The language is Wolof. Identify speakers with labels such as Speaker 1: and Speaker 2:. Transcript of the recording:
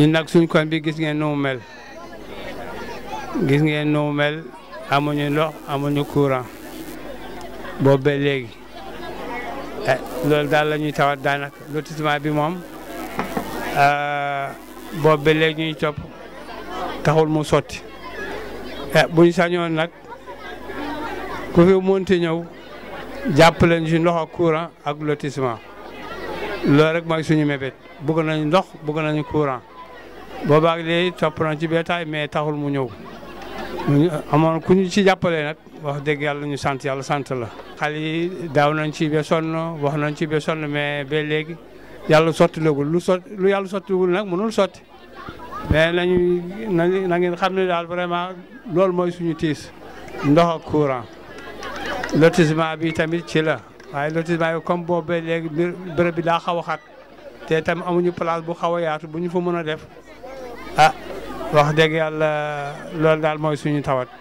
Speaker 1: ñun nag suñ koñ bi gis ngeen nu mu mel gis ngeen nu mu amuñu ndox amuñu courant boobu ba léegi eh, loolu daal la ñuy tawat daanaka lotissement bi moom euh, boobu ba léegi ñuy topp taxul mu sotti eh, buñ sañoon nag ku fi mënti ñëw jàppale ñu si ndox ak courant ak lotissement loolu rek mooy suñu mébét bëgg nañu ndox bëgg nañu courant boobaag léegi topp nañ ci beetaay mais taxul mu ñëw amoon ku ci jàppalee nag wax dëgg yàlla ñu sant yàlla sant la. xale yi daaw nañ ci ba sonn wax nañ ci ba sonn mais ba léegi yàlla sottilagul lu sot lu yàlla sottilagul nag mënul sotti mais nañu na ngeen xam ne daal vraiment loolu mooy suñu tiis ndox ak courant lotissement bi tamit ci la waaye lotissement yi comme boobu ba léegi bi daa xaw a xat te tam amuñu place bu xaw a yaatu bu ñu fa mën a def. ah wax dëgg yàlla loolu daal mooy suñu tawat.